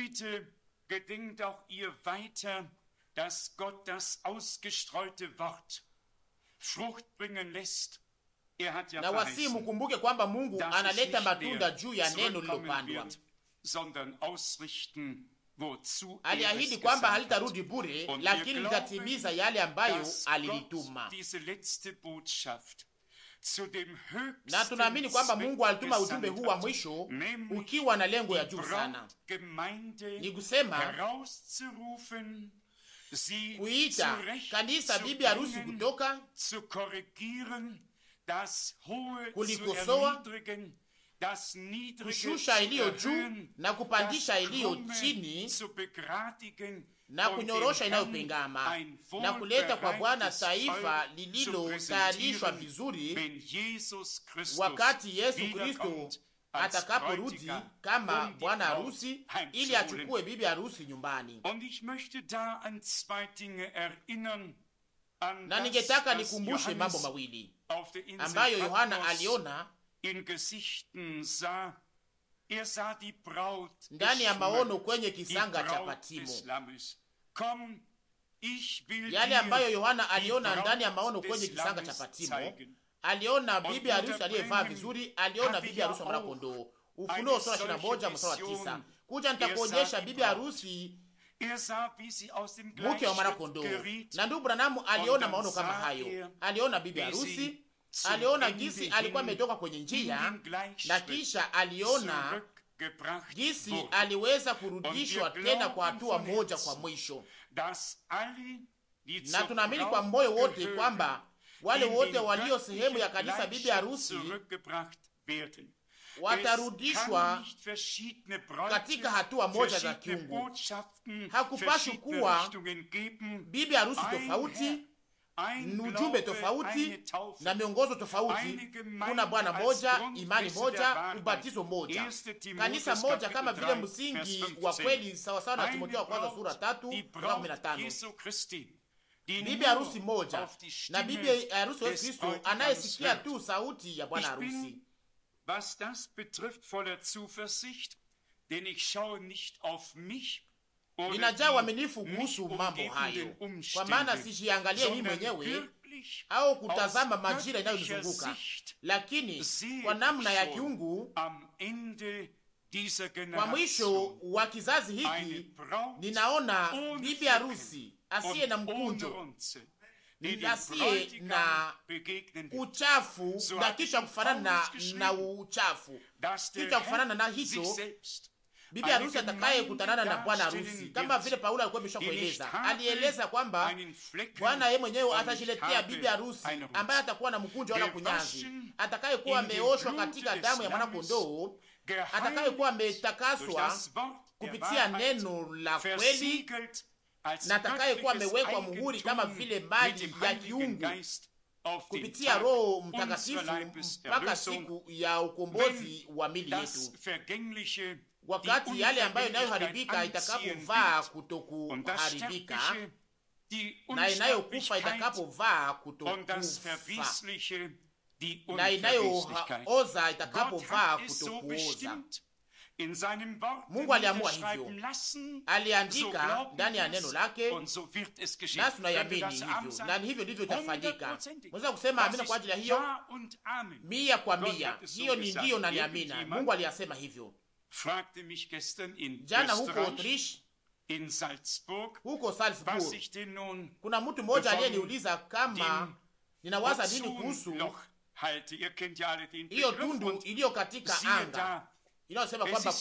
Bitte gedenkt auch ihr weiter, dass Gott das ausgestreute Wort Frucht bringen lässt. Er hat ja na wasii mkumbuke kwamba mungu analeta matunda juu ya neno lilopandwa sondern ausrichten wozu aliahidi kwamba halitarudi bure, lakini litatimiza yale ambayo alilituma. diese letzte Botschaft na tunaamini kwamba Mungu alituma ujumbe huu wa mwisho ukiwa na lengo ya juu sana, ni kusema kuita kanisa bibi harusi kutoka kulikosoa kushusha iliyo juu na kupandisha iliyo chini na kunyorosha inayopingama na kuleta kwa Bwana taifa lililotayarishwa vizuri wakati Yesu Kristo atakaporudi kama bwana harusi ili achukue bibi harusi nyumbani. Na ningetaka nikumbushe mambo mawili ambayo Yohana aliona er ndani ya maono kwenye kisanga cha Patimo yale ambayo Yohana aliona ndani ya maono kwenye kisanga cha Patimo. Aliona bibi harusi aliyevaa vizuri, aliona bibi harusi mwana kondoo. Ufunuo sura moja mstari wa tisa kuja nitakuonyesha bibi harusi mke wa mwana kondoo. Na ndugu Branamu aliona maono kama hayo, aliona bibi harusi aliona gisi alikuwa ametoka kwenye njia na kisha aliona jinsi aliweza kurudishwa tena kwa hatua moja kwa mwisho, na tunaamini kwa moyo wote kwamba wale wote walio sehemu ya kanisa bibi harusi watarudishwa katika hatua moja za kiungu. Hakupashi kuwa bibi harusi tofauti ni ujumbe tofauti na miongozo tofauti. Kuna Bwana moja, imani moja, ubatizo moja, kanisa moja, kama vile msingi wa kweli, sawasawa na Timotheo wa kwanza sura tatu mstari kumi na tano. Bibi harusi moja na bibi harusi Yesu Kristo anayesikia tu sauti ya bwana harusi. Was das betrifft voller Zuversicht, denn ich schaue nicht auf mich ninajaa uaminifu hmm? kuhusu mambo hayo, kwa maana sijiangalie mimi mwenyewe au kutazama majira inayonizunguka, lakini kwa namna ya kiungu, um, kwa mwisho wa kizazi hiki ninaona bibi harusi asiye na mkunjo asiye na uchafu na kitu kufanana na uchafu, kitu kufanana na hicho bibi harusi kutanana na bwana harusi, kama vile Paulo alikuwa ameshakueleza. Alieleza kwamba Bwana yeye mwenyewe atajiletea bibi harusi ambaye atakuwa na mkunjo wala kunyanzi, kuwa ameoshwa katika damu ya mwana kondoo, kuwa ametakaswa kupitia neno la kweli na kuwa amewekwa muhuri kama vile mali ya kiungu kupitia Roho Mtakatifu mpaka siku ya ukombozi wa mili yetu wakati yale ambayo inayoharibika itakapovaa kutokuharibika na inayokufa itakapovaa kutokufa na inayooza itakapovaa kutokooza. Mungu aliamua hivyo, aliandika ndani ya neno lake, nasi tunaiamini hivyo, na hivyo ndivyo itafanyika. Mweza kusema amina kwa ajili ya hiyo mia kwa mia. Hiyo ni ndiyo na ni Mungu aliyasema hivyo fragte mich gestern in jana huko Autriche, in Salzburg, huko Salzburg, was ich denn nun kuna mtu mmoja aliyeniuliza kama ninawaza nini kuhusu hiyo tundu iliyo katika anga inayosema kwamba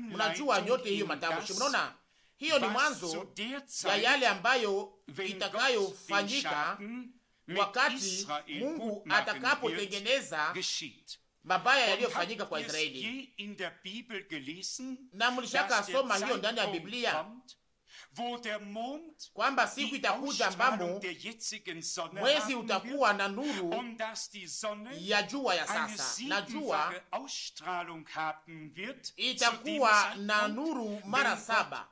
mnajua nyote hiyo matamshi. Mnaona, hiyo ni mwanzo ya yale ambayo itakayofanyika wakati Mungu atakapotengeneza mabaya yaliyofanyika kwa Israeli. Na mlishaka soma hiyo ndani ya Biblia kwamba siku itakuja ambamo mwezi utakuwa na nuru ya jua ya sasa, na jua itakuwa na nuru mara saba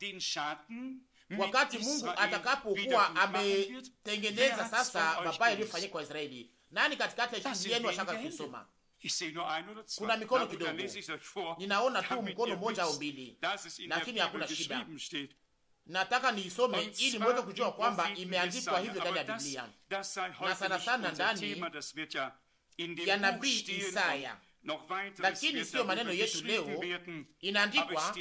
wakati Mungu atakapokuwa ametengeneza sasa mabaya yaliyofanyika kwa Israeli. Nani katikati yenu ashaka kusoma? Kuna mikono kidogo, ninaona tu mkono mmoja au mbili, lakini hakuna shida. Nataka niisome ili mweze kujua kwamba imeandikwa hivyo ndani ya Biblia na sana sana ndani ya nabii Isaya lakini siyo maneno yetu leo. Inaandikwa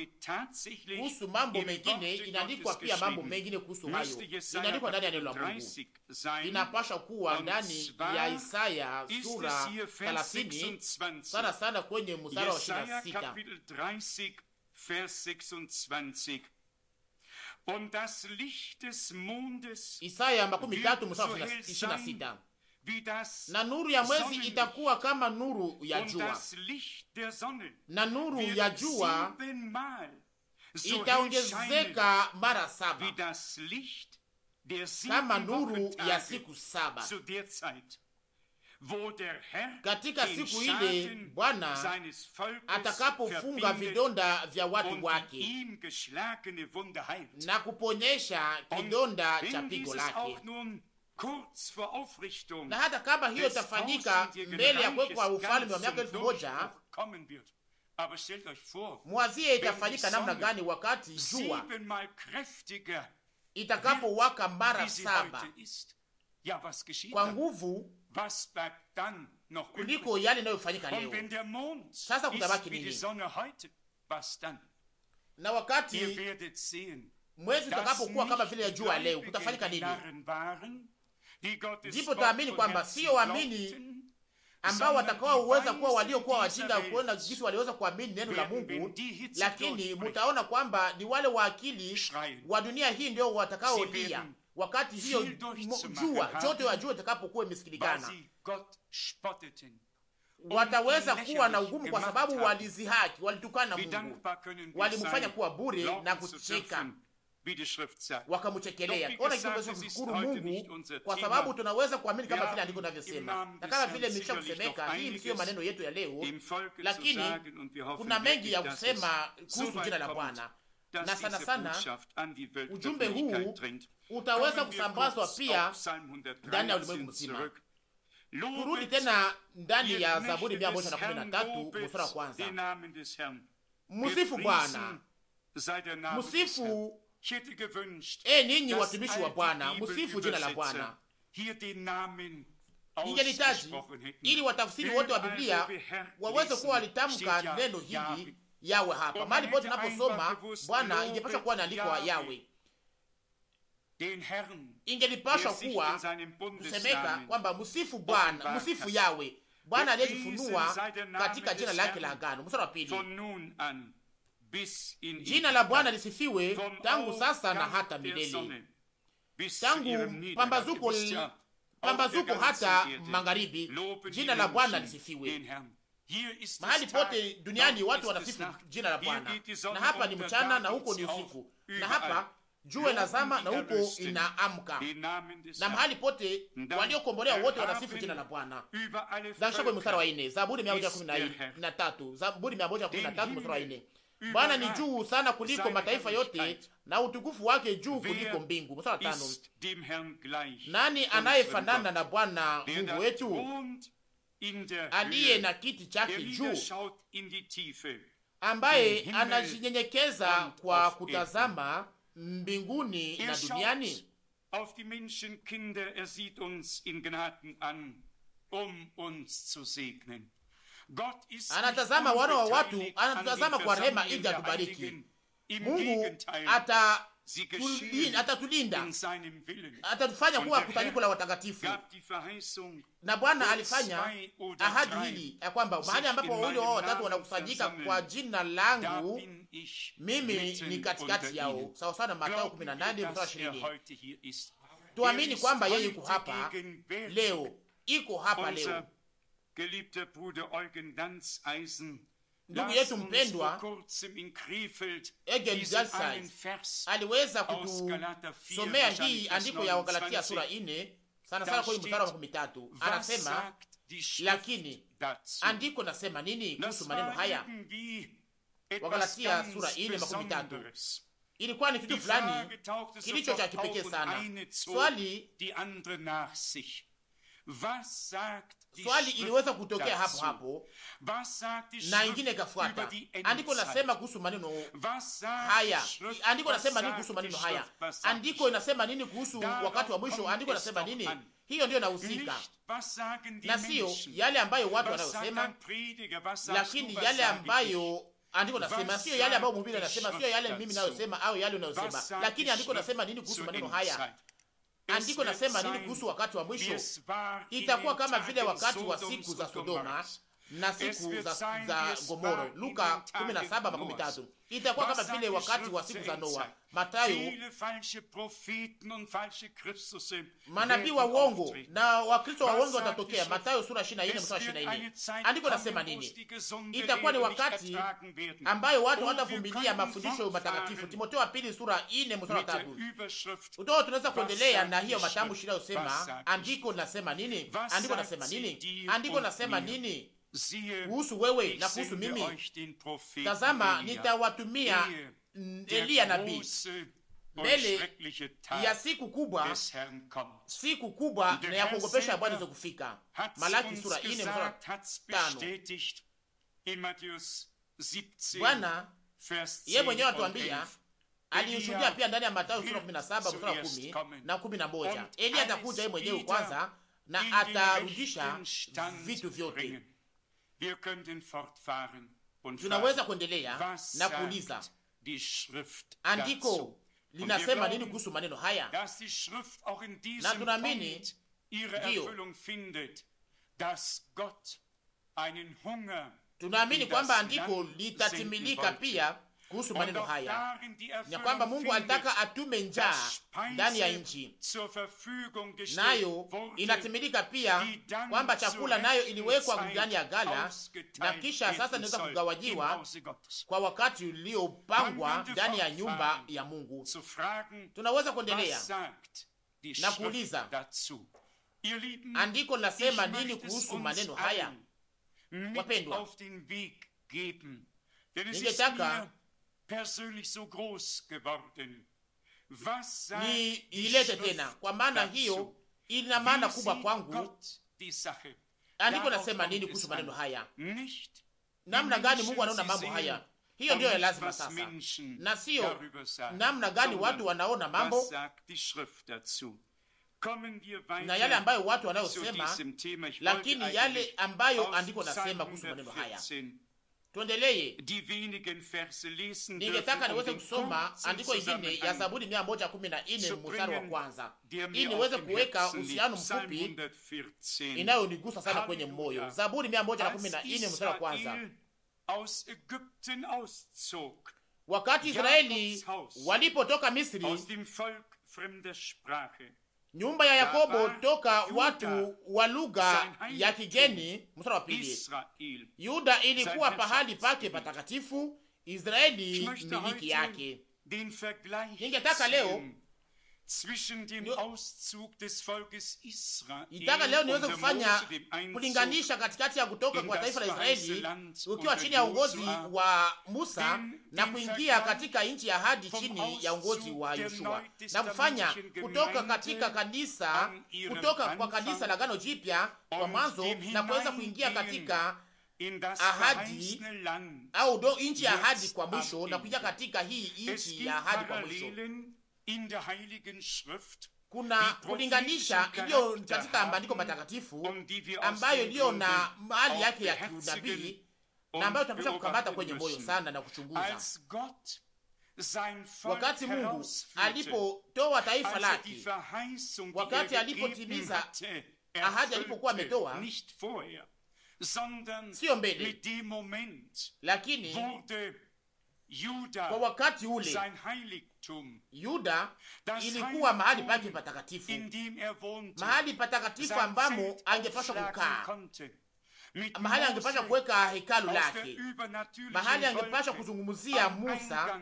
kuhusu mambo mengine, inaandikwa pia mambo mengine kuhusu hayo, inaandikwa ndani ya neno la Mungu. Inapasha kuwa ndani ya Isaya sura 30 sana sana kwenye mstari wa 26. Isaya makumi tatu mstari wa 26 na nuru ya mwezi itakuwa kama nuru ya jua, na nuru ya jua itaongezeka mara saba kama nuru ya siku saba katika siku ile Bwana atakapofunga vidonda vya watu wake na kuponyesha kidonda cha pigo lake na hata kama hiyo itafanyika mbele ya kuwekwa ufalme wa miaka elfu moja mwazie itafanyika namna gani wakati jua itakapowaka mara saba kwa nguvu kuliko yale inayofanyika leo. Sasa kutabaki nini? Na wakati mwezi utakapokuwa kama vile ya jua leo, kutafanyika nini? ndipo taamini kwamba sio waamini ambao uweza kuwa waliokuwa wajinga kuona jinsi waliweza kuamini neno la Mungu, lakini mutaona kwamba ni wale wa akili wa dunia hii ndio watakaolia wakati hiyo jua joto ya jua itakapokuwa imesikilikana wataweza kuwa na ugumu kwa sababu walizihaki, walitukana Mungu, walimfanya kuwa bure na kucheka wakamchekelea. Ona hivyo tunaweza Mungu kwa sababu tunaweza kuamini kama vile andiko linavyosema, na kama vile nimesha kusemeka, hii siyo maneno yetu ya leo, lakini kuna mengi ya kusema kuhusu jina la Bwana na sana sana ujumbe huu utaweza kusambazwa pia ndani ya ulimwengu mzima. Turudi tena ndani ya Zaburi mia moja na kumi na tatu mstari wa kwanza: msifu Bwana, msifu E ninyi watumishi wa Bwana, msifu jina la Bwana. Ningelitaji ili watafsiri wote wa Biblia waweze kuwa walitamka neno hili yawe hapa mahali pote naposoma Bwana, ingepashwa kuwa naandikwa yawe, ingelipashwa kuwa kusemeka kwamba msifu Bwana, msifu yawe Bwana aliyejifunua katika jina lake la agano. Mstari wa pili Jina la Bwana lisifiwe tangu sasa na hata milele, tangu pambazuko pambazuko hata magharibi. Jina la Bwana lisifiwe mahali pote duniani, watu wanasifu jina la Bwana. Na hapa ni mchana na huko ni usiku, na hapa jua inazama na huko inaamka, na mahali pote waliokombolewa wote wanasifu jina la Bwana. Zaburi mstari wa 4, Zaburi 113, Zaburi 113 mstari wa 4. Bwana mm. ni juu sana kuliko mataifa yote na utukufu wake juu kuliko mbingu. Mstari tano. Nani anayefanana na Bwana Mungu wetu aliye na kiti chake juu, ambaye anajinyenyekeza kwa kutazama mbinguni na duniani? Er, anatazama wana wa watu, anatutazama kwa rehema ili atubariki. Mungu ata atatulinda atatufanya kuwa kusanyiko la watakatifu. Na Bwana alifanya ahadi hili ya kwamba mahali ambapo wawili wao watatu wanakusanyika kwa jina langu, mimi ni katikati yao, sawa sawa na Mathayo 18:20. Tuamini kwamba yeye yuko hapa leo, iko hapa leo Geliebter Bruder Eugen ndugu yetu mpendwa Egel Dalsais aliweza kutusomea hii andiko ya Wagalatia sura ine sana sana kwenye mstari wa makumi tatu anasema lakini andiko nasema nini kuhusu maneno haya? Wagalatia sura ine makumi tatu. Ilikuwa ni kitu fulani kilicho cha kipekee sana. Swali swali iliweza kutokea hapo hapo na ingine ikafuata. Andiko nasema kuhusu maneno haya, andiko nasema nini kuhusu maneno haya? Andiko inasema nini kuhusu wakati wa mwisho? Andiko nasema nini? Hiyo ndiyo inahusika na sio yale ambayo watu wanayosema, lakini yale ambayo andiko nasema, sio yale ambayo mhubiri anasema, sio yale mimi nayosema au yale unayosema, lakini andiko nasema nini kuhusu maneno haya? Andiko nasema nini kuhusu wakati wa mwisho? Itakuwa kama vile wakati wa siku za Sodoma, na siku za, za Gomoro. Luka 17:13. Itakuwa kama vile wakati wa siku za Noa. Matayo. Manabii wa uongo na wakristo wa uongo watatokea. Matayo sura 24 mstari 24. Andiko nasema nini? Itakuwa ni wakati ambayo watu watavumilia mafundisho matakatifu. Timotheo wa pili sura 4 mstari 3. Utoa tunaweza kuendelea na hiyo matamshi inayosema andiko nasema nini? Andiko nasema nini? Andiko nasema nini? kuhusu wewe na kuhusu mimi. Tazama, nitawatumia Eliya nabii mbele ya siku kubwa, siku kubwa na ya kuogopesha Bwana kufika. Malaki sura ine mstari tano. Bwana yeye mwenyewe atuambia aliushuhudia pia ndani ya Mathayo sura 17 mstari wa kumi na moja Eliya atakuja yeye mwenyewe kwanza na atarudisha vitu vyote Tunaweza kuendelea na kuuliza andiko linasema nini kuhusu maneno haya, na tunaamini ndiyo, tunaamini kwamba andiko litatimilika pia kuhusu maneno haya ya kwamba Mungu alitaka atume njaa ndani ya nchi, nayo inatimilika pia kwamba chakula nayo iliwekwa ndani ya gala, na kisha sasa inaweza kugawajiwa kwa wakati uliopangwa ndani ya nyumba ya Mungu. Tunaweza kuendelea na kuuliza, andiko linasema nini kuhusu maneno haya? Wapendwa, ningetaka ni ilete tena, kwa maana hiyo ina maana kubwa kwangu. Andiko nasema nini kuhusu maneno haya? Namna gani Mungu anaona mambo haya? Hiyo ndiyo ya lazima sasa, na sio namna gani watu wanaona mambo na yale ambayo watu wanayosema, lakini yale ambayo andiko nasema kuhusu maneno haya tuendelee. Ningetaka um niweze kusoma andiko ingine ya Zaburi mia moja kumi na nne mstari wa kwanza ili niweze kuweka uhusiano mfupi inayonigusa sana kwenye moyo. Zaburi mia moja na kumi na nne mstari wa wakati Israeli walipotoka Misri nyumba ya Yakobo toka watu wa lugha ya kigeni. Mstari wa pili, Yuda ilikuwa pahali pake patakatifu, Israeli miliki yake. Ningetaka leo Nitaka leo niweze kufanya kulinganisha katikati ya kutoka kwa taifa la Israeli ukiwa chini ya uongozi wa Musa na kuingia katika nchi ya ahadi chini ya uongozi wa Yoshua na kufanya kutoka katika kanisa kutoka kwa kanisa la gano Jipya kwa mwanzo na kuweza kuingia katika ahadi au do nchi ya ahadi kwa mwisho na kuingia katika hii nchi ya ahadi kwa mwisho kuna kulinganisha iliyo katika maandiko matakatifu ambayo iliyo na mahali yake ya kiunabii na ambayo tunapaswa kukamata kwenye moyo sana na kuchunguza. Wakati Mungu alipotoa taifa lake, wakati er alipotimiza er ahadi alipokuwa ametoa, siyo mbele, lakini Yuda, kwa wakati ule Yuda ilikuwa mahali pake patakatifu, mahali patakatifu ambamo angepaswa kukaa, mahali angepaswa kuweka hekalu lake, mahali angepaswa kuzungumzia Musa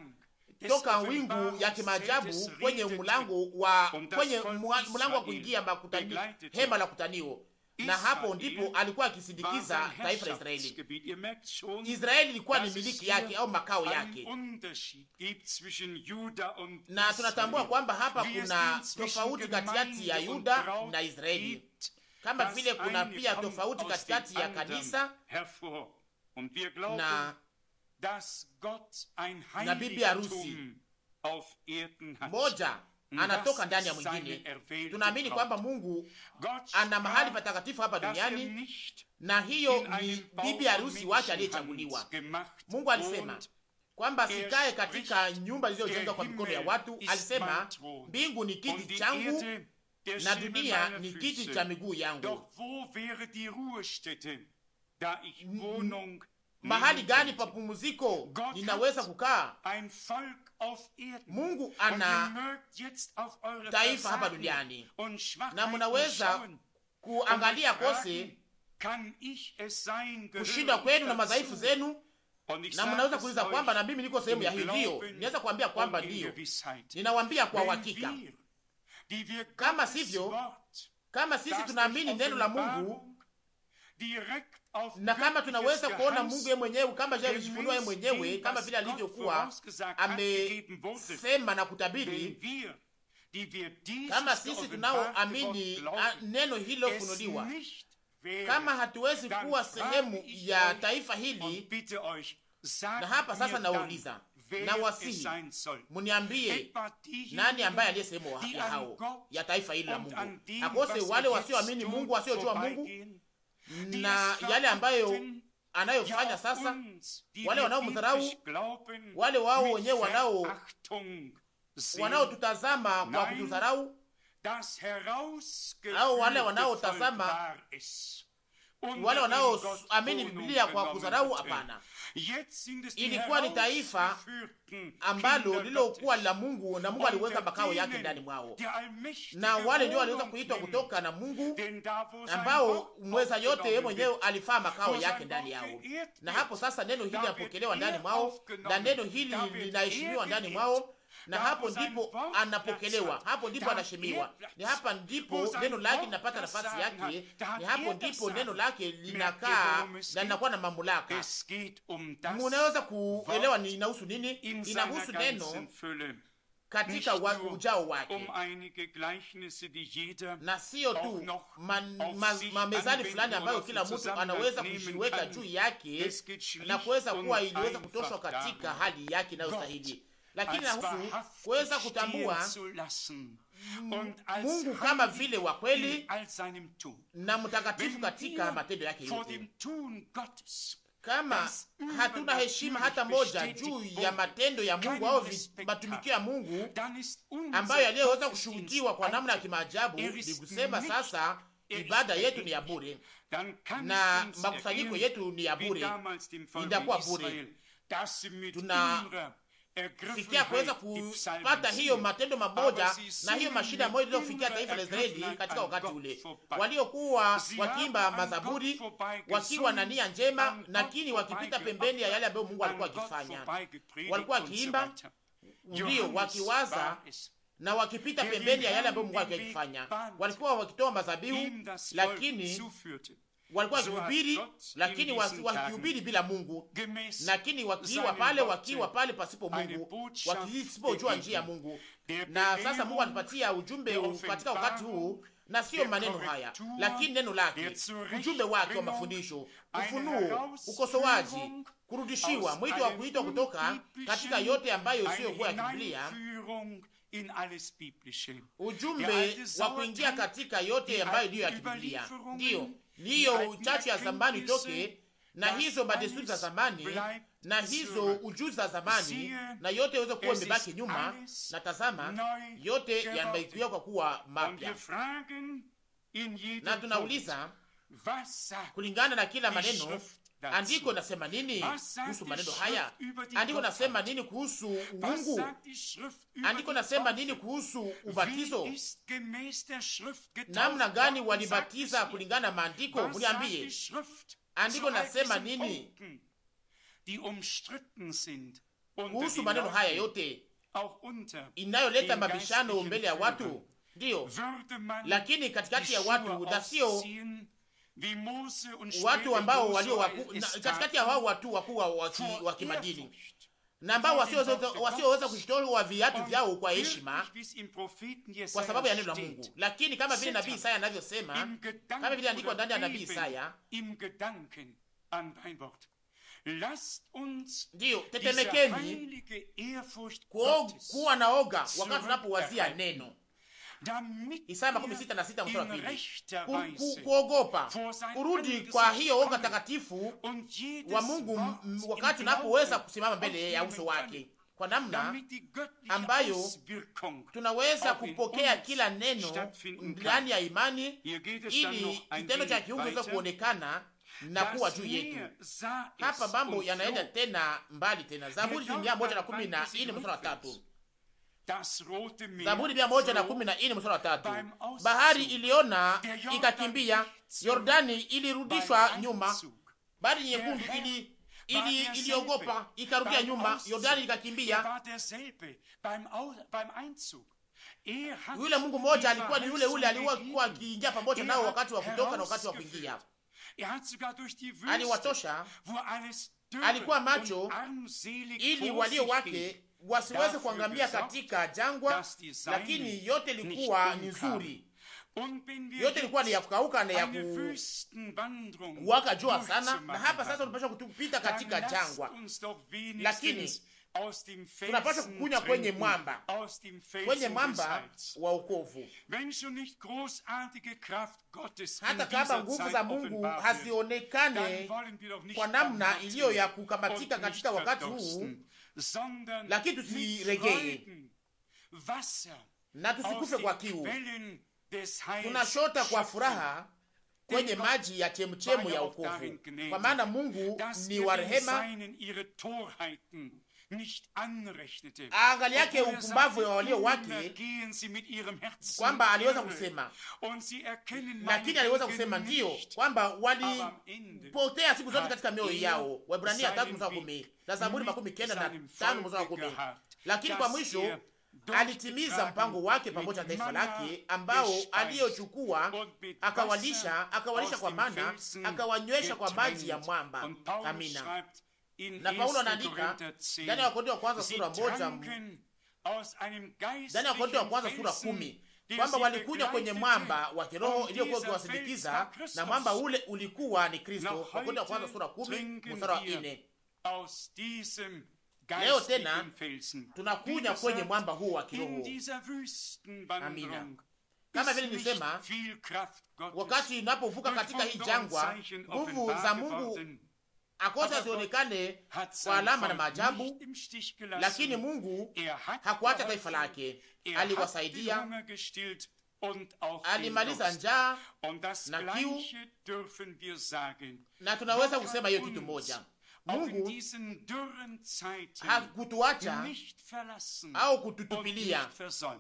toka wingu ya kimaajabu kwenye mlango wa kwenye mlango wa kuingia hema la kutanio na hapo ndipo alikuwa akisindikiza taifa la Israeli. Israeli ilikuwa ni miliki yake au makao yake, na tunatambua kwamba hapa kuna tofauti katikati ya Yuda na Israeli, kama vile kuna pia tofauti katikati ya kanisa na na bibi harusi moja Mm. anatoka ndani ya mwingine. Tunaamini kwamba Mungu ana mahali patakatifu hapa duniani, na hiyo ni bibi harusi wake aliyechaguliwa. Mungu alisema kwamba er sikae katika nyumba zilizojengwa kwa mikono ya watu. Alisema mbingu ni kiti changu na dunia ni kiti cha miguu yangu mahali gani pa pumziko ninaweza kukaa? Mungu ana taifa hapa duniani, na mnaweza kuangalia kose kushindwa kwenu na madhaifu zenu, na mnaweza kuuliza kwamba na mimi niko sehemu ya hiyo. Ndiyo, ninaweza kuambia kwamba ndiyo, ninawambia kwa uhakika. Kama sivyo, kama sisi tunaamini neno la Mungu na kama tunaweza kuona Mungu yeye mwenyewe kama vile alijifunua yeye mwenyewe kama vile alivyokuwa amesema na kutabiri, kama sisi tunaoamini neno hilo funuliwa, kama hatuwezi kuwa sehemu ya taifa hili. Na hapa sasa nauliza na wasihi, muniambie nani ambaye aliye sehemu ya hao ya taifa hili la Mungu, akose wale wasioamini Mungu, wasiojua Mungu na yale ambayo anayofanya sasa. Wale wanaomdharau, wale wao wenyewe wanao wanaotutazama kwa kutudharau, au wale wanaotazama wale wanaoamini Biblia kwa kudharau? Hapana, ilikuwa ni taifa ambalo lilokuwa la Mungu na Mungu aliweka makao yake ndani mwao, na wale ndio waliweza kuitwa kutoka na Mungu, ambao mweza yote yeye mwenyewe alifaa makao yake ndani yao. Na hapo sasa neno hili linapokelewa ndani mwao na neno hili linaheshimiwa ndani mwao na hapo ndipo anapokelewa, hapo ndipo anashemiwa, ni hapa ndipo neno lake linapata nafasi yake, ni hapo ndipo neno lake linakaa na linakuwa na mamlaka. Munaweza um kuelewa ni inahusu nini? Inahusu neno katika wa ujao wake um na sio tu mamezali ma, ma fulani ambayo kila mtu anaweza kuiweka juu yake na kuweza kuwa iliweza kutoshwa katika hali yake inayostahili lakini na huku kuweza kutambua mm, Mungu kama vile wa kweli na mtakatifu katika matendo yake yote. Kama hatuna heshima hata moja juu ya matendo ya Mungu au matumikio ya Mungu ambayo yaliyoweza kushuhudiwa kwa namna ya kimaajabu, ni kusema sasa ibada yetu ni ya bure na makusanyiko yetu ni ya bure, itakuwa bure tuna kufikia kuweza kupata hiyo matendo mamoja na hiyo mashida moja iliyofikia taifa la Israeli katika wakati ule, waliokuwa wakiimba mazaburi wakiwa na nia njema, lakini wakipita pembeni ya yale ambayo Mungu alikuwa akifanya. Walikuwa wakiimba ndio, wakiwaza na wakipita pembeni ya yale ambayo Mungu alikuwa akifanya. Walikuwa wakitoa mazabihu, lakini walikuwa wakihubiri, lakini wakihubiri bila Mungu, lakini wakiwa pale, wakiwa pale pasipo Mungu, wakisipojua njia ya Mungu. Na sasa Mungu alipatia ujumbe katika wakati huu, na siyo maneno haya, lakini neno lake, ujumbe wake wa mafundisho, ufunuo, ukosoaji, kurudishiwa, mwito wa kuitwa kutoka katika yote ambayo isiyokuwa ya Biblia, ujumbe wa kuingia katika yote ambayo ndiyo ya Kibiblia, ndiyo niyo uchache ya zamani toke na hizo madesturi za zamani na hizo ujuzi za zamani na yote yaweze kuwa imebaki nyuma, na tazama, yote yamebaikiwa kwa kuwa mapya. Na tunauliza kulingana na kila maneno Andiko nasema nini kuhusu maneno haya? Andiko nasema nini kuhusu uungu? Andiko nasema nini kuhusu ubatizo? Namna gani walibatiza kulingana na maandiko? Mniambie, andiko nasema nini kuhusu maneno haya yote inayoleta mabishano mbele ya watu? Ndiyo, lakini katikati ya watu na sio watu ambao walio katikati ya wao watu wakuu wa kimadini na ambao wasioweza kushitoa viatu vyao kwa heshima kwa sababu ya neno la Mungu. Lakini kama vile nabii Isaya anavyosema, kama vile andikwa ndani ya nabii Isaya, ndiyo tetemekeni kuwa naoga wakati tunapowazia neno Isaya makumi sita na sita mstari wa pili, kuogopa kurudi Kwa hiyo woga takatifu wa Mungu, wakati unapoweza kusimama mbele ya uso wake kwa namna ambayo tunaweza kupokea kila neno ndani ya imani, ili kitendo cha kiungu kiweze kuonekana na kuwa juu yetu. Hapa mambo yanaenda tena mbali tena. Zaburi mia moja na kumi na nne mstari wa tatu Zaburi mia moja na kumi na nne mstari wa tatu. Bahari iliona ikakimbia, Yordani ilirudishwa nyuma, bahari nyekundu ili iliogopa ili ikarudia nyuma, Yordani ikakimbia. Er er yule Mungu mmoja alikuwa ni yule yule aliyekuwa akiingia pamoja er nao wakati wa kutoka na wakati wa kuingia, aliwatosha. Alikuwa macho ili walio wake wasiweze kuangamia katika jangwa, lakini yote ilikuwa ni nzuri, yote ilikuwa ni ya kukauka na ya kuwaka jua sana. Na hapa sasa tunapaswa kupita katika jangwa, lakini tunapaswa kukunywa kwenye mwamba, kwenye mwamba wa ukovu. Hata kama nguvu za Mungu hazionekane kwa namna iliyo ya kukamatika katika wakati huu lakini tusiregee na tusikufe kwa kiu. Tunashota kwa furaha kwenye maji ya chemchemu ya ukovu, kwa maana Mungu ni wa rehema angalia yake er upumbavu ya walio wake, kwamba aliweza kusema, lakini aliweza kusema ndiyo kwamba walipotea siku zote katika mioyo yao. Er Waebrania tatu mstari kumi na Zaburi makumi kenda na tano mstari kumi. Lakini kwa mwisho er alitimiza mpango wake pamoja na taifa lake ambao aliyochukua, akawalisha akawalisha kwa mana, akawanywesha kwa maji ya mwamba. Amina na Paulo anaandika ndani ya Wakorintho wa kwanza sura moja ndani ya Wakorintho wa kwanza sura kumi kwamba walikunywa kwenye mwamba wa kiroho iliyokuwa ikiwasindikiza na mwamba ule ulikuwa ni Kristo. Wakorintho wa kwanza sura kumi mstari wa nne. Leo tena tunakunywa kwenye mwamba huo wa kiroho. Amina. Kama vile nilisema, wakati unapovuka katika hii jangwa, nguvu za Mungu akose asionekane kwa alama na maajabu, lakini Mungu er hakuacha taifa lake, aliwasaidia alimaliza njaa na kiu, na tunaweza kusema hiyo kitu moja, Mungu hakutuacha au kututupilia,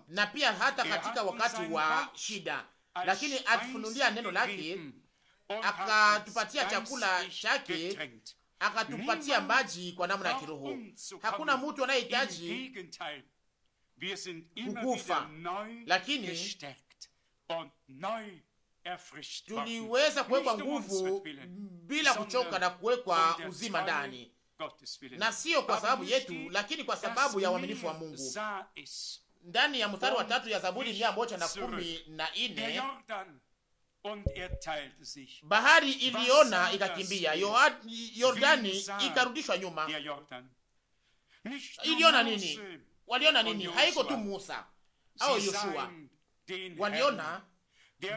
na pia hata er katika wakati wa shida, lakini atufunulia neno lake akatupatia chakula chake, akatupatia maji kwa namna ya kiroho. Hakuna mtu anayehitaji kukufa, lakini tuliweza kuwekwa nguvu bila kuchoka na kuwekwa uzima ndani, na sio kwa sababu yetu, lakini kwa sababu ya uaminifu wa Mungu. Ndani ya mstari wa tatu ya Zaburi mia moja na kumi na nne Er bahari iliona ikakimbia, Yordani ikarudishwa nyuma. Iliona nini? Waliona nini? Haiko tu Musa au Yoshua, waliona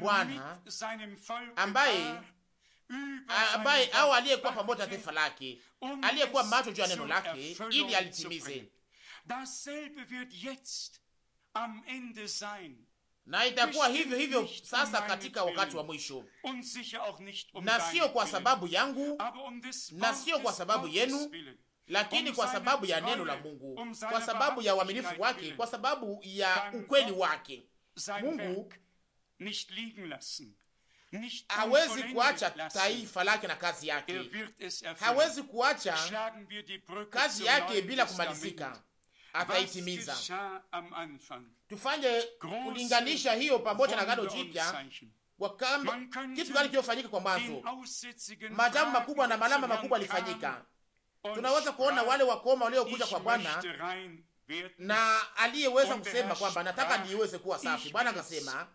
Bwana ambaye ambaye au aliyekuwa pamoja na taifa lake, um aliyekuwa macho juu ya neno lake ili alitimize na itakuwa hivyo hivyo sasa katika wakati wa mwisho, um na sio kwa sababu yangu um na sio kwa sababu yenu, lakini um kwa sababu ya neno la Mungu, kwa sababu ya uaminifu wake, kwa sababu ya ukweli wake. Mungu hawezi kuacha taifa lake na kazi er yake, hawezi kuacha kazi yake bila kumalizika ataitimiza. Tufanye kulinganisha hiyo pamoja na gano Jipya wakamba kitu gani kiofanyika kwa mwanzo, majambo makubwa na malama makubwa alifanyika. Tunaweza kuona wale wakoma waliokuja kwa Bwana na aliyeweza kusema kwamba nataka niweze kuwa safi. Bwana akasema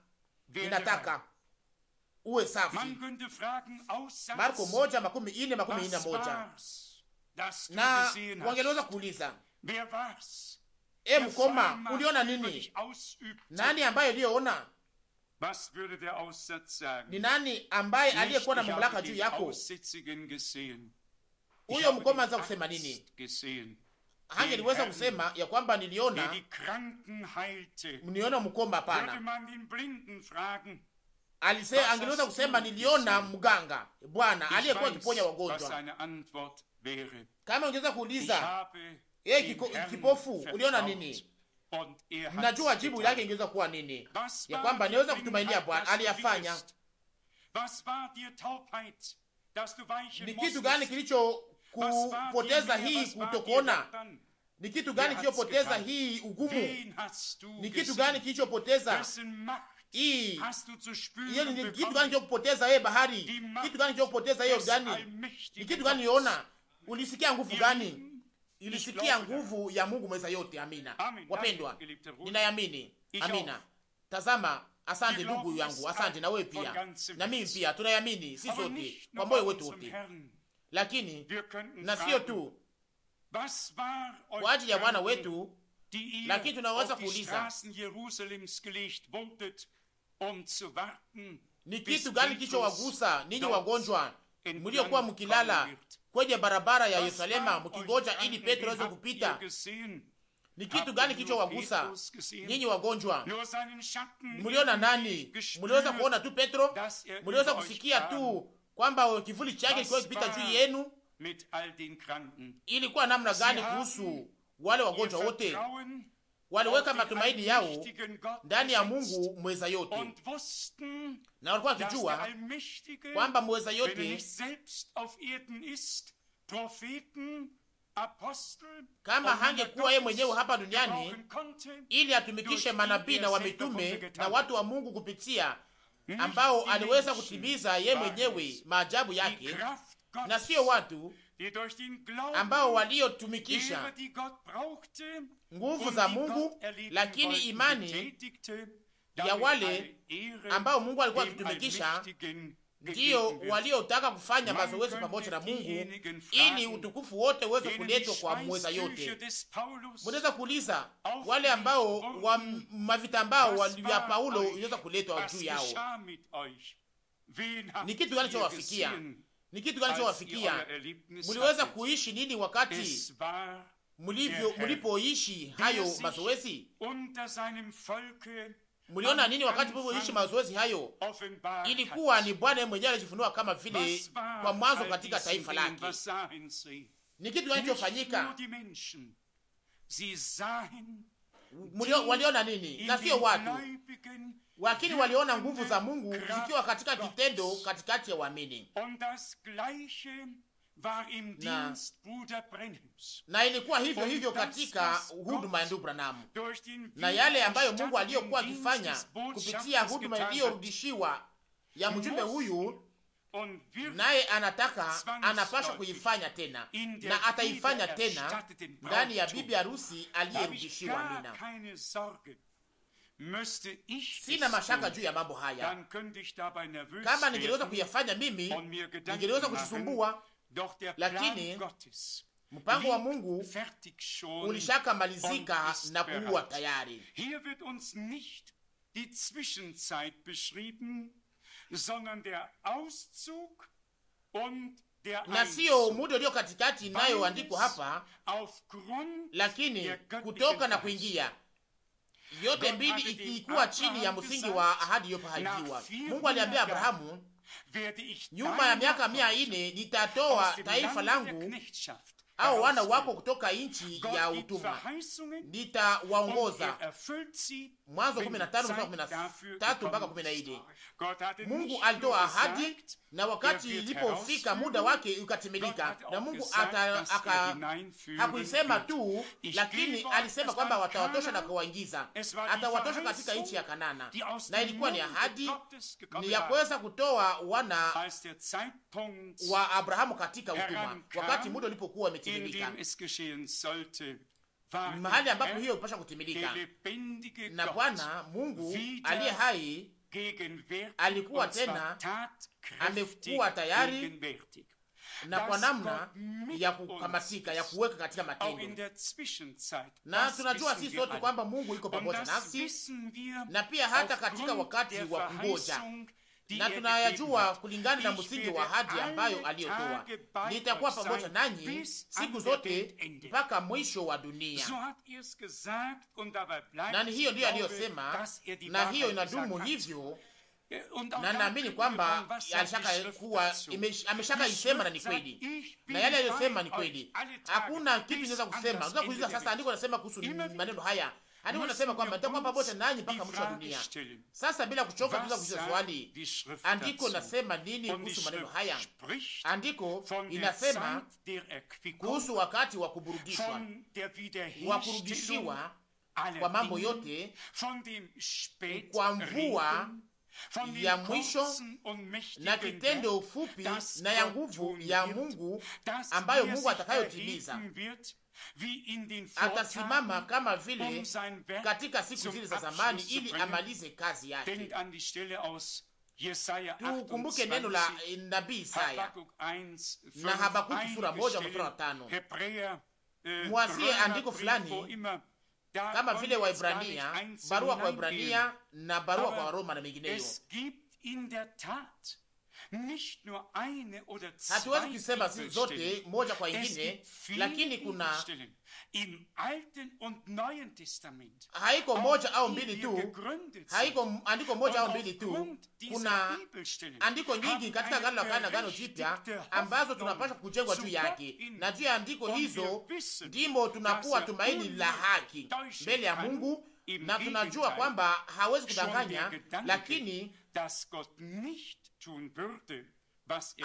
ninataka uwe safi, Marko moja makumi ine makumi ine na moja. Na wangeliweza kuuliza E mkoma, uliona nini? Nani ambaye uliyoona? Ni nani ambaye aliyekuwa na mamlaka juu yako? Huyo mkoma anaweza kusema nini? niweza kusema ya kwamba niliona, niliona mkoma. pana. alise angeliweza kusema niliona mganga, Bwana aliyekuwa akiponya wagonjwa. Kama ungeweza kuuliza Eh, hey, kiko, kipofu uliona nini? Najua jibu lake ingeweza kuwa nini, ya kwamba niweza kutumainia Bwana aliyafanya. Ni kitu gani kilicho kupoteza hii kutokuona? Ni kitu gani kilichopoteza hii ugumu? Ni kitu gani kilichopoteza hii hiyo? Ni kitu gani kilichopoteza wewe bahari? Kitu gani kilichopoteza hiyo gani? Ni kitu gani uliona? Ulisikia nguvu gani? ilisikia nguvu ya Mungu mweza yote. Amina wapendwa, ninaamini. Amina. Tazama, asante ndugu yangu, asante na wewe pia, na mimi pia tunayamini sisi sote kwa moyo wetu wote, lakini na sio tu kwa ajili ya Bwana wetu, lakini tunaweza kuuliza ni kitu gani kicho wagusa ninyi wagonjwa mliokuwa mkilala kwenye barabara ya Yerusalema mkingoja ili Petro aweze kupita. Ni kitu gani kilichowagusa nyinyi wagonjwa? Mliona nani? Mliweza kuona tu Petro? Er Mliweza kusikia tu kwamba kivuli chake kilikuwa kipita juu yenu? Ilikuwa namna gani kuhusu wale wagonjwa wote? waliweka matumaini yao ndani ya Mungu mweza yote, na walikuwa wakijua kwamba mweza yote er kama hangekuwa yeye mwenyewe hapa duniani ili atumikishe manabii na er wamitume na watu wa Mungu kupitia ambao aliweza kutimiza yeye mwenyewe maajabu yake na siyo watu ambao waliotumikisha nguvu um za Mungu, lakini imani ya wale ambao Mungu alikuwa akitumikisha ndiyo waliotaka kufanya mazoezi pamoja na Mungu ili utukufu wote uweze kuletwa kwa mweza yote. Munaweza kuuliza wale ambao wa mavitambao ya Paulo iliweza kuletwa juu yao, ni kitu gani chowafikia? ni kitu gani chowafikia? Mliweza kuishi nini wakati mlipoishi hayo mazoezi? Mliona nini wakati mlipoishi mazoezi hayo? Ilikuwa ni Bwana mwenyewe alijifunua kama vile kwa mwanzo katika taifa lake. Ni kitu gani chofanyika? Waliona nini? Na sio watu lakini waliona nguvu za Mungu zikiwa katika kitendo katikati ya waamini na, na ilikuwa hivyo hivyo katika huduma ya ndugu Branham na yale ambayo Mungu aliyokuwa akifanya kupitia huduma iliyorudishiwa ya mjumbe huyu, naye anataka anapaswa kuifanya tena na ataifanya tena ndani ya bibi harusi aliyerudishiwa. Amina. Sina mashaka juu ya mambo haya. Kama ningeliweza kuyafanya mimi, ningeliweza kujisumbua, lakini mpango wa Mungu ulishaka malizika na kuwa tayari. Die Zwischenzeit beschrieben, sondern der Auszug und na siyo muda ulio katikati inayoandikwa hapa, lakini kutoka na kuingia yote mbili ikikuwa chini ya msingi wa ahadi iliyoahidiwa. Mungu aliambia Abrahamu, nyuma ya miaka mia ine nitatoa taifa langu au wana wako kutoka nchi ya utumwa, nitawaongoza. Mwanzo 15:13 mpaka 14. Mungu alitoa ahadi na wakati ilipofika muda wake ukatimilika, na Mungu hakuisema tu, lakini alisema kwamba watawatosha na kuwaingiza, atawatosha katika nchi ya Kanana, na ilikuwa ni ahadi ni ya kuweza kutoa wana wa Abrahamu katika utumwa, wakati muda ulipokuwa umetimilika mahali ambapo hiyo pasha kutimilika, na Bwana Mungu aliye hai alikuwa tena amekuwa tayari na kwa namna ya kukamatika ya kuweka katika matendo, na tunajua sisi sote kwamba Mungu iko pamoja nasi, na pia hata katika wakati wa kungoja na tunayajua kulingana na msingi wa ahadi ambayo aliyotoa, nitakuwa pamoja nanyi siku zote mpaka mwisho wa dunia. Na hiyo ndiyo äh, aliyosema, na hiyo inadumu hivyo na naamini kwamba alishaka kuwa ameshaka isema na ni kweli, na yale aliyosema ni kweli. Hakuna kitu inaweza kusema. Unaweza kuuliza sasa, andiko nasema kuhusu maneno haya hadi yaani wanasema kwamba nitakuwa pamoja nanyi mpaka mwisho wa dunia. Sasa bila kuchoka, tuza kuuliza swali, andiko nasema nini kuhusu maneno haya? Andiko inasema kuhusu wakati wa kuburudishwa, wa kurudishiwa kwa mambo yote, kwa mvua ya mwisho na kitendo ufupi na ya nguvu ya Mungu ambayo Mungu atakayotimiza atasimama kama vile um katika siku zile za zamani, ili amalize kazi yake. Tukumbuke neno la eh, nabii Isaya na Habakuki sura moja mstari wa tano. Äh, Mwasie andiko fulani kama vile Waibrania, barua kwa Waibrania na barua kwa Waroma na mengineyo Hatuwezi kusema zote moja kwa ingine, lakini kuna haiko moja au mbili tu, haiko andiko moja au mbili tu. Kuna andiko nyingi katika gano la Kale na gano Jipya ambazo tunapaswa kujengwa juu yake, na juu ya andiko hizo ndimo tunakuwa er tumaini la haki mbele ya Mungu na tunajua kwamba hawezi kudanganya, lakini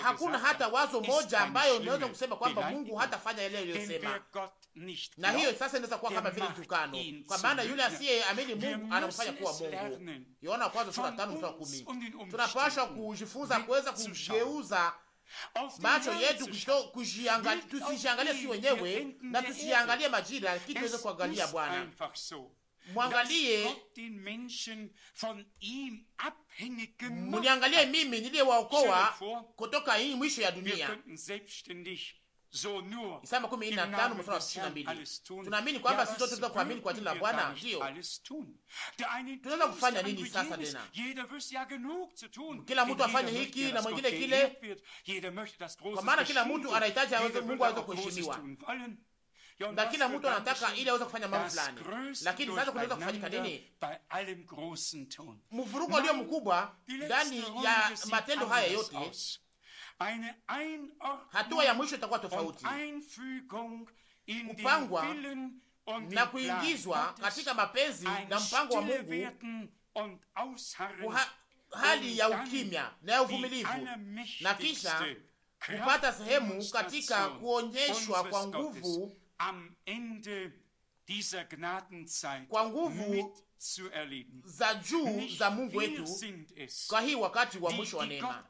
Hakuna hata wazo moja ambayo unaweza kusema kwamba Mungu hatafanya yale aliyosema, na hiyo sasa inaweza kuwa kama vile tukano, kwa maana yule asiye amini Mungu anamfanya kuwa Mungu. Yohana kwanza sura tano mstari kumi. Tunapaswa kujifunza kuweza kugeuza macho yetu tusijiangalie si wenyewe na tusijiangalie majira, lakini tuweze kuangalia Bwana mwangalie muniangalie mimi niliyewaokoa kutoka hii mwisho ya dunia. Isaya makumi na tano mstari wa na mbili. Tunaamini kwamba sisi sote tunaweza kuamini kwa jina la Bwana, ndio tunaweza kufanya nini sasa tena? Kila mtu afanye hiki na mwingine kile, kwa maana kila mtu anahitaji Mungu aweze kuheshimiwa na kila mtu anataka ili aweze kufanya mambo fulani, lakini sasa kunaweza kufanyika nini? Mvuruko ulio mkubwa ndani ya matendo haya yote, hatua ya mwisho itakuwa tofauti, kupangwa na kuingizwa katika mapenzi na mpango wa Mungu, hali ya ukimya na ya uvumilivu, na kisha kupata sehemu katika kuonyeshwa kwa nguvu kwa nguvu za juu za Mungu wetu. Kwa hii wakati wa mwisho wa neema,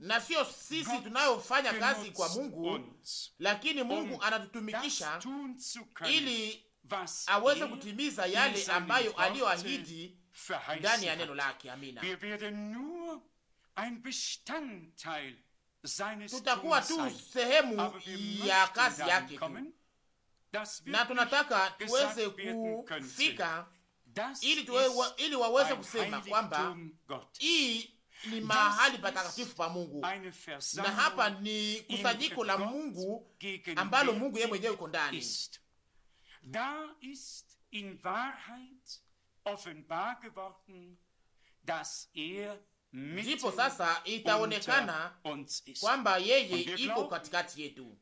na sio sisi tunayofanya kazi kwa Mungu, lakini um Mungu anatutumikisha ili aweze er kutimiza yale ambayo aliyoahidi ndani ya neno lake. Amina tutakuwa tu sehemu ya kazi yake tu, na tunataka tuweze kufika ili, tuwe, wa, ili waweze kusema kwamba hii ni mahali patakatifu pa Mungu na hapa ni kusanyiko la Mungu ambalo Mungu yeye mwenyewe yuko ndani ndipo sasa itaonekana kwamba yeye iko katikati yetu,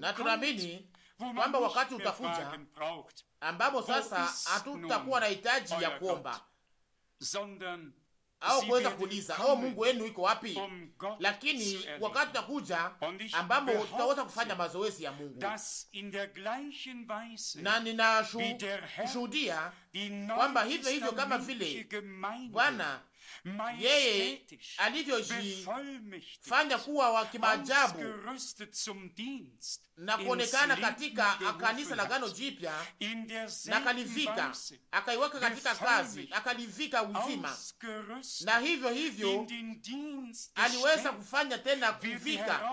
na tunaamini kwamba wakati utakuja ambapo sasa hatutakuwa na hitaji ya kuomba au kuweza kuuliza au Mungu wenu iko wapi, um lakini wakati utakuja ambapo tutaweza kufanya mazoezi ya Mungu. Na ninashuhudia kwamba hivyo hivyo kama vile Bwana yeye alivyojifanya kuwa wa kimaajabu na kuonekana katika kanisa la gano Jipya, na akalivika akaiweka katika kazi, akalivika uzima, na hivyo hivyo aliweza kufanya tena kuvika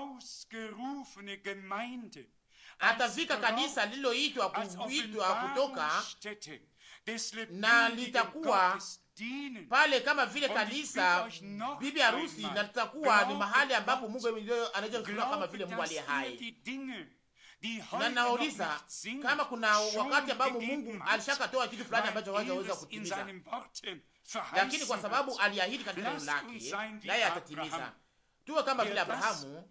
atavika kanisa lililoitwa kuitwa kutoka na litakuwa pale kama vile kanisa bibi harusi, na tutakuwa ni mahali ambapo Mungu anaweza kufunua kama vile Mungu aliye hai. Na nauliza kama kuna wakati ambapo Mungu alishakatoa kitu fulani ambacho hawajaweza kutimiza, lakini kwa sababu aliahidi katika neno lake, naye atatimiza. Tuwe kama vile Abrahamu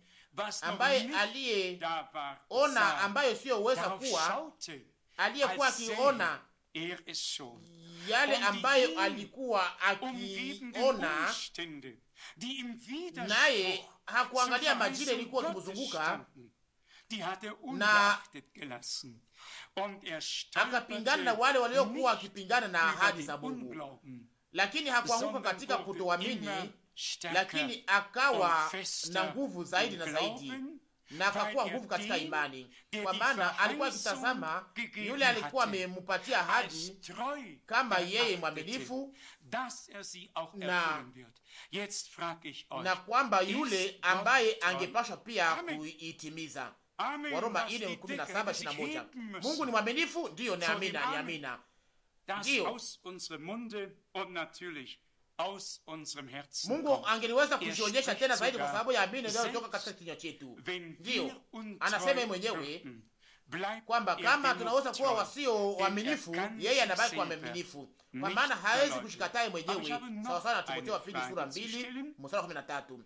ambaye aliyeona ambayo siyoweza kuwa, aliyekuwa akiona yale ambayo alikuwa akiona, naye hakuangalia majira ilikuwa kimuzunguka na er akapingana na wale waliokuwa akipingana na ahadi za Mungu, lakini hakuanguka katika kutoamini, lakini akawa na nguvu zaidi na zaidi na akakuwa nguvu katika imani, kwa maana alikuwa akitazama yule alikuwa amemupatia ahadi kama yeye mwaminifu, er na, na kwamba yule ambaye angepashwa pia kuitimiza. Waroma ile Mungu ni mwaminifu, ndiyo, ni amina, ni amina, ndiyo. Mungu angeliweza er kujionyesha tena zaidi kwa sababu ya amini inayotoka katika kinywa chetu. ndio anasema mwenyewe kwamba er kama tunaweza kuwa wasio er waaminifu, yeye anabaki kuwa mwaminifu, kwa maana hawezi kushikataa mwenyewe, sawa sawa na Timotheo wa pili sura mbili mstari kumi na tatu.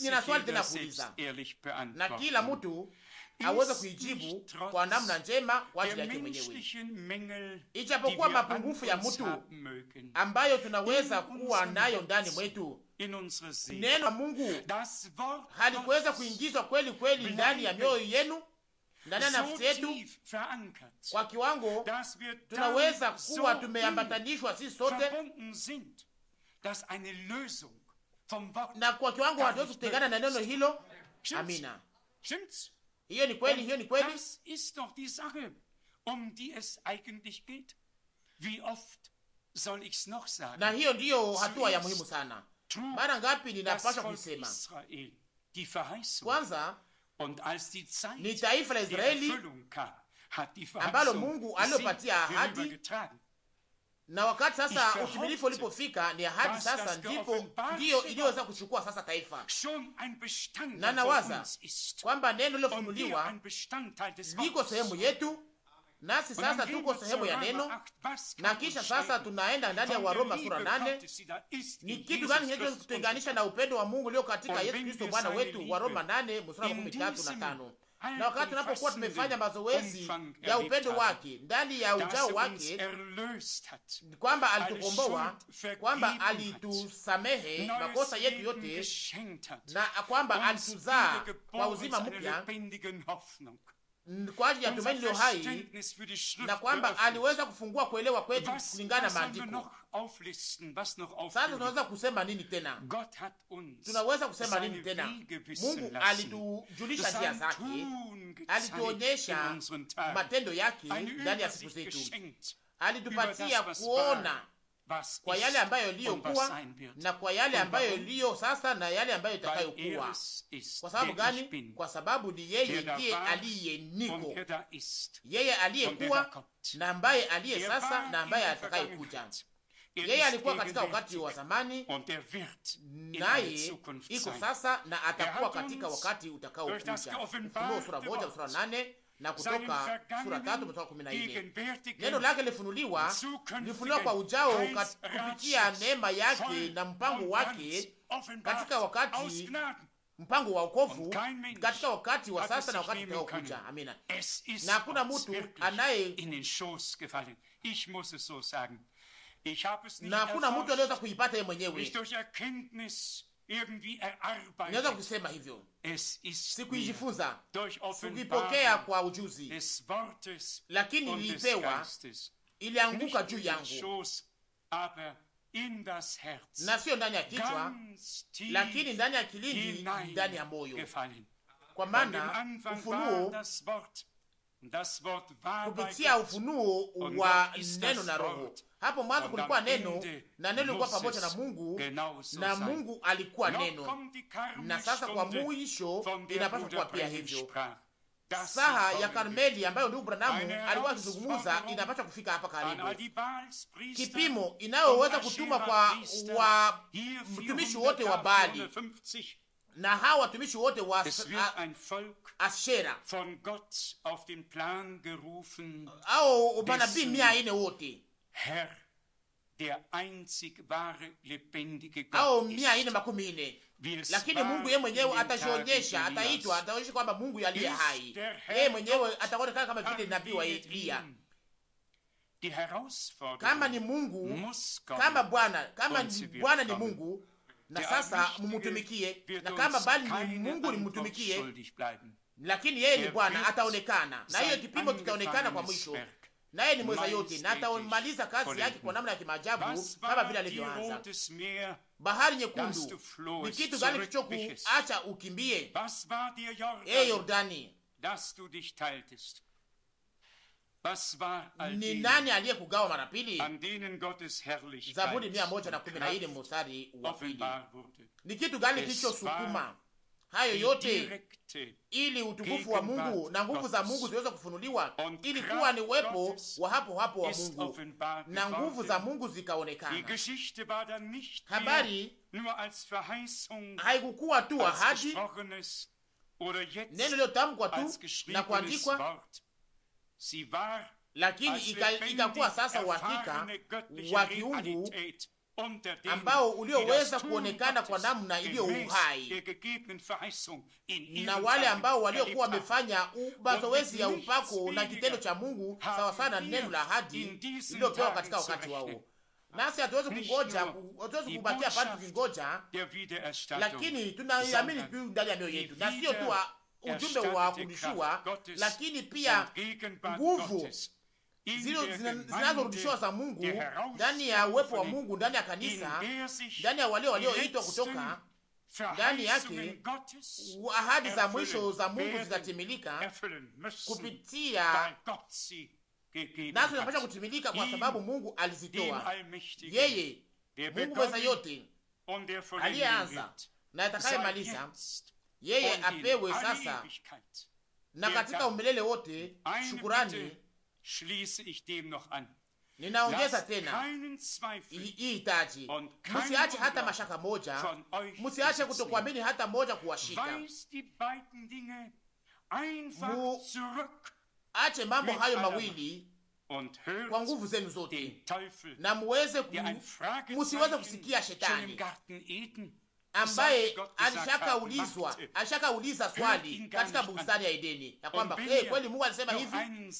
Nina swali tena kuuliza, na kila mtu aweze kuijibu kwa namna njema kwa ajili yake mwenyewe, ijapokuwa mapungufu ya mtu ambayo tunaweza kuwa nayo ndani mwetu. Neno la Mungu halikuweza kuingizwa kweli kweli ndani ya mioyo yenu ndani ya nafsi yetu kwa kiwango tunaweza kuwa tumeambatanishwa sisi sote na kwa kiwango hatuwezi kutengana na neno hilo. Amina. Hiyo ni kweli, hiyo ni kweli. Das ist doch die Sache, um die es eigentlich geht. Wie oft soll ich's noch sagen? Na hiyo oh, ndiyo hatua ya muhimu sana. Mara ngapi ninapaswa kusema? Die Verheißung. Kwanza und als die Zeit ni taifa la Israeli hat die ambalo Mungu aliyopatia ahadi na wakati sasa utimilifu ulipofika, ni ahadi sasa ndipo ndiyo iliyoweza kuchukua sasa taifa. Na nawaza kwamba neno lilofunuliwa liko sehemu yetu, nasi sasa tuko sehemu ya neno, na kisha sasa tunaenda ndani ya Waroma sura nane. Ni kitu gani kinachotutenganisha na upendo wa Mungu ulio katika Yesu Kristo Bwana wetu? Waroma nane mstari wa tatu na tano na wakati tunapokuwa tumefanya mazoezi ya upendo wake ndani ya ujao wake, kwamba alitukomboa, kwamba alitusamehe makosa yetu yote, na kwamba alituzaa kwa uzima mpya kwa ajili ya tumaini lilo hai na kwamba aliweza kufungua kuelewa kwetu kulingana na maandiko. Sasa tunaweza kusema nini tena? Tunaweza kusema nini tena? Mungu alitujulisha njia zake, alituonyesha matendo yake ndani ya siku zetu, alitupatia kuona kwa yale ambayo iliyokuwa na kwa yale ambayo liyo sasa na yale ambayo itakayokuwa. Kwa sababu gani? Kwa sababu ni yeye ndiye aliye niko, yeye aliyekuwa na ambaye aliye sasa na ambaye atakayekuja. Yeye alikuwa katika wakati wa zamani, naye iko sasa na atakuwa katika wakati utakaokuja. Ufunuo sura moja sura nane na Kutoka sura tatu mstari kumi na nne neno lake lifunuliwa lifunuliwa kwa ujao kupitia neema yake na mpango wake katika wakati mpango wa wokovu katika wakati wa sasa na wakati utakaokuja. Amina. Na hakuna mtu anaye na hakuna mtu aliyeweza kuipata yeye mwenyewe Naweza kusema hivyo, sikuijifunza, sikuipokea kwa ujuzi, lakini nilipewa, ilianguka juu yangu na siyo ndani ya kichwa, lakini ndani ya kilindi, ndani ya moyo, kwa maana ufunuo kupitia ufunuo wa neno na Roho hapo mwanzo kulikuwa neno na neno lilikuwa pamoja na Mungu na Mungu alikuwa neno, na sasa kwa mwisho inapaswa kuwa pia hivyo. Saha ya Karmeli ambayo ndugu Branamu alikuwa akizungumza inapaswa kufika hapa karibu, kipimo inayoweza kutuma kwa wa mtumishi wote wa Bali na hawa watumishi wote wa Ashera au manabii mia ine wote Herr, der einzig wahre, lebendige Gott au mia ine makumi ine lakini Mungu yeye mwenyewe atajionyesha, ataitwa, ataonyesha kwamba Mungu yaliye hai. Yeye mwenyewe ataonekana kama vile nabii wa Elia, kama ni Mungu, kama Bwana, kama Bwana ni Mungu. Na sasa mumutumikie, na kama bali ni Mungu ni nimumutumikie, lakini yeye ni er Bwana, ataonekana na hiyo kipimo kitaonekana kwa mwisho naye ni mweza yote na atamaliza kazi yake kwa namna ya kimaajabu kama vile alivyoanza. Bahari nyekundu ni kitu gani kilichokuacha ukimbie? E Yordani, ni nani aliyekugawa mara pili? Zaburi mia moja na kumi na mstari wa pili. Ni kitu gani kilichosukuma hayo yote ili utukufu wa Mungu na nguvu za Mungu ziweze kufunuliwa, ili kuwa ni uwepo wa hapo hapo wa Mungu na nguvu za Mungu zikaonekana. Habari haikukuwa tu ahadi, neno lililotamkwa tu na kuandikwa, lakini ikakuwa sasa uhakika wa kiungu ambao ulioweza kuonekana kwa namna iliyo uhai na wale ambao waliokuwa wamefanya mazoezi ya upako na kitendo cha Mungu sawa sana neno la ahadi iliyopewa katika wakati wao. Nasi hatuwezi kungoja, hatuwezi kubakia pale tukingoja, lakini tunaamini tu ndani ya mioyo yetu, na sio tu ujumbe wa kurudishiwa, lakini pia nguvu zile zinazorudishiwa za Mungu ndani ya uwepo wa Mungu ndani ya kanisa ndani ya walio walioitwa kutoka ndani yake ahadi za mwisho za Mungu zitatimilika kupitia nazo zinapasha kutimilika kwa sababu Mungu alizitoa. Yeye Mungu weza yote aliyeanza na atakayemaliza, yeye apewe sasa na katika umilele wote shukurani schließe ich dem noch an. Ninaongeza tena hii hitaji, msiache hata mashaka moja, msiache kutokuamini hata moja kuwashika. Ache mambo hayo mawili kwa nguvu zenu zote, na muweze musiweze kusikia shetani ambaye alishaka ulizwa alishaka uliza swali katika bustani ya Edeni ya kwamba hey, eh, kweli Mungu alisema hivi.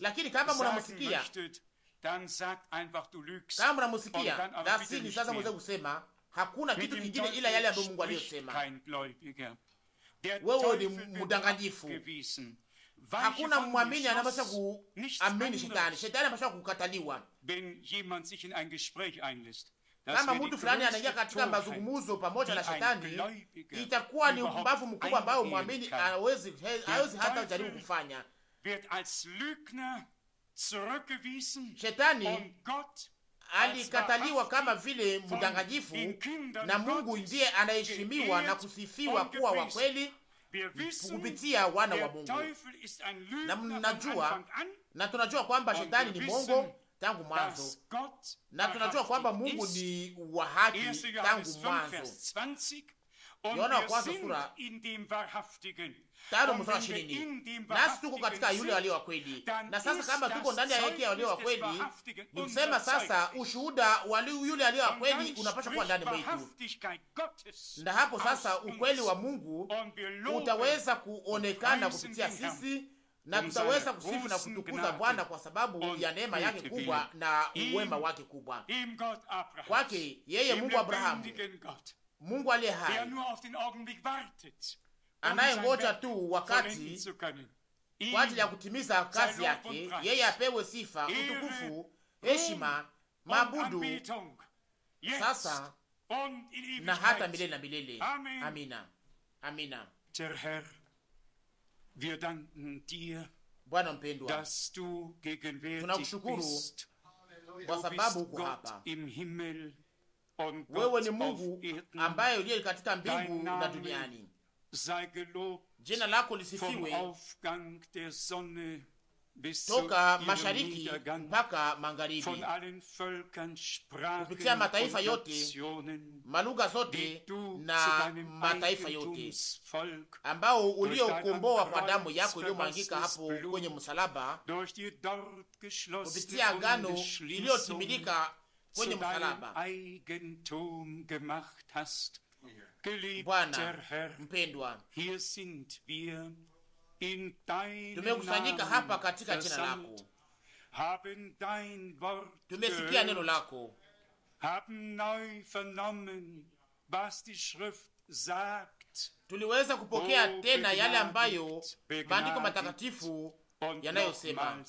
Lakini kama mnamusikia kama mnamusikia, basi ni sasa mweze kusema hakuna kitu kingine ila yale ambayo Mungu aliyosema. Wewe ni mdanganyifu. Hakuna mwamini anapaswa kuamini shetani. Shetani anapaswa kukataliwa kama mtu fulani anaingia katika mazungumzo pamoja na shetani, itakuwa ni upumbavu mkubwa ambao mwamini hawezi hata jaribu kufanya. Shetani alikataliwa kama vile mdanganyifu, na Mungu ndiye anaheshimiwa na kusifiwa kuwa wa kweli kupitia wana wa Mungu. Na mnajua na tunajua kwamba shetani ni mongo tangu mwanzo, na tunajua kwamba Mungu ni wa haki tangu mwanzo. Yohana wa kwanza sura tano mstari ishirini. Nasi tuko katika yule aliyo wa kweli, na sasa kama tuko ndani ya haki ya wa kweli, nikusema sasa ushuhuda wa yule aliyo wa kweli unapaswa kuwa ndani mwetu, na hapo sasa ukweli wa Mungu utaweza kuonekana kupitia sisi na tutaweza kusifu na kutukuza Bwana kwa sababu ya neema yake kubwa na uwema wake kubwa kwake yeye, Mungu Abrahamu, Mungu aliye hai anayengoja tu wakati kwa ajili ya kutimiza kazi yake. Yeye apewe sifa, utukufu, heshima, mabudu sasa na hata milele na milele. Amina, amina. Wir danken dir, Bwana mpendwa, tunakushukuru kwa sababu uko hapa. Wewe ni Mungu ambaye uliye katika mbingu na duniani. Jina lako lisifiwe toka mashariki mpaka magharibi, kupitia mataifa yote, malugha zote na mataifa yote, ambao uliokomboa kwa damu yako iliyomwangika hapo kwenye msalaba, kupitia agano iliyotimilika kwenye msalaba. Bwana mpendwa, tumekusanyika hapa katika jina lako, tumesikia neno lako, tuliweza kupokea oh, tena yale ambayo maandiko matakatifu yanayosema.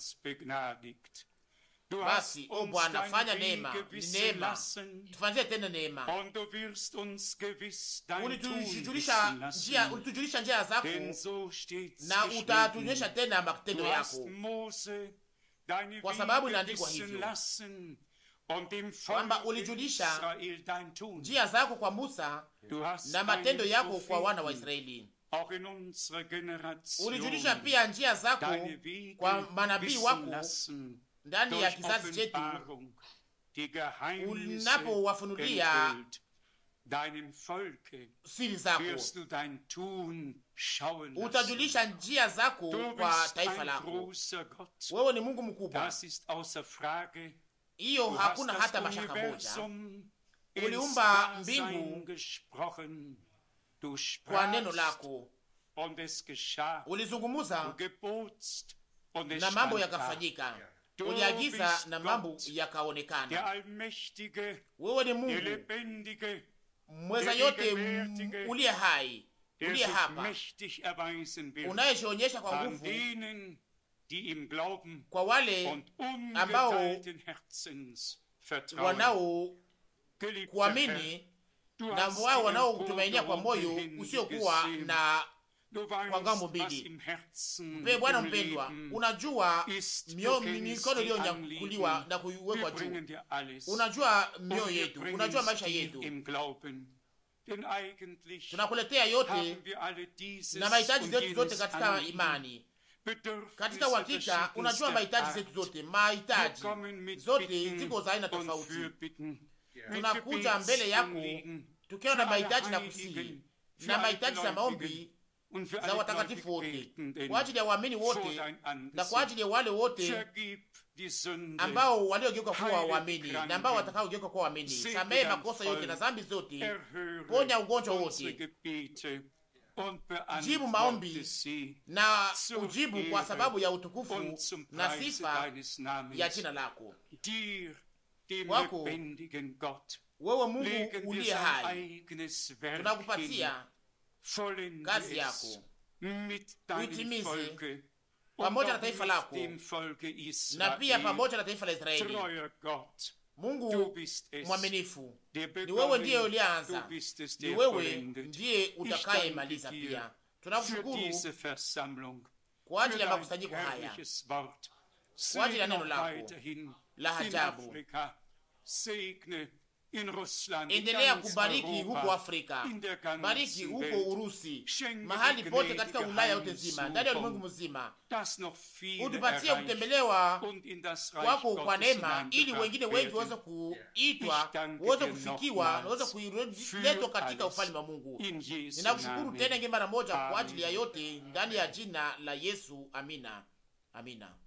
Basi o oh Bwana, fanya neema neema, tufanzie tena neema. Ulitujulisha njia, zako, na utatuonyesha tena matendo yako, kwa sababu inaandikwa hivyo kwamba ulijulisha njia zako kwa Musa na matendo yako kwa wana wa Israeli. Ulijulisha pia njia zako kwa manabii wako lassen ndani ya kizazi chetu unapowafunulia siri zako utajulisha njia zako kwa taifa lako. Wewe ni Mungu mkubwa, hiyo hakuna hata mashaka moja. Uliumba mbingu kwa neno lako, ulizungumuza na mambo yakafanyika uliagiza na mambo yakaonekana. Wewe ni Mungu mweza yote, uliye hai, uliye hapa, unayeshionyesha kwa nguvu kwa wale ambao wanao kuamini na wao wanaokutumainia kwa moyo usiokuwa na kwa ngambo mbili. Bwana mpendwa, unajua mikono iliyonyakuliwa na kuwekwa juu, unajua um mioyo yetu, unajua maisha yetu tunakuletea yote na mahitaji zetu zote katika imani, katika uhakika. Unajua mahitaji zetu zote, mahitaji zote ziko za aina tofauti. Tunakuja mbele yako tukiwa na mahitaji na kusihi na mahitaji za maombi za watakatifu wote, eh, mm, kwa ajili ya waamini wote na kwa ajili ya wale wote ambao waliogeuka kuwa waamini na ambao watakaogeuka kuwa waamini. Samehe makosa yote na zambi zote, ponya ugonjwa wote, jibu maombi na ujibu, kwa sababu ya utukufu na sifa ya jina lako wako wewe Mungu uliye hai, tunakupatia kazi yako uitimize pamoja na taifa lako na pia pamoja na taifa la Israeli. Mungu mwaminifu, ni wewe ndiye ulianza, ni wewe ndiye utakayemaliza. Pia tunakushukuru kwa ajili ya makusanyiko haya, kwa ajili ya neno lako la hajabu Endelea kubariki huko Afrika, bariki huko Urusi, mahali pote katika Ulaya yote nzima, ndani ya ulimwengu mzima, utupatie kutembelewa kwako kwa neema, ili wengine wengi waweze kuitwa, waweze kufikiwa, waweze kuletwa katika ufalme wa Mungu. Ninakushukuru tena ngine mara moja kwa ajili ya yote, ndani ya jina la Yesu. Amina, amina.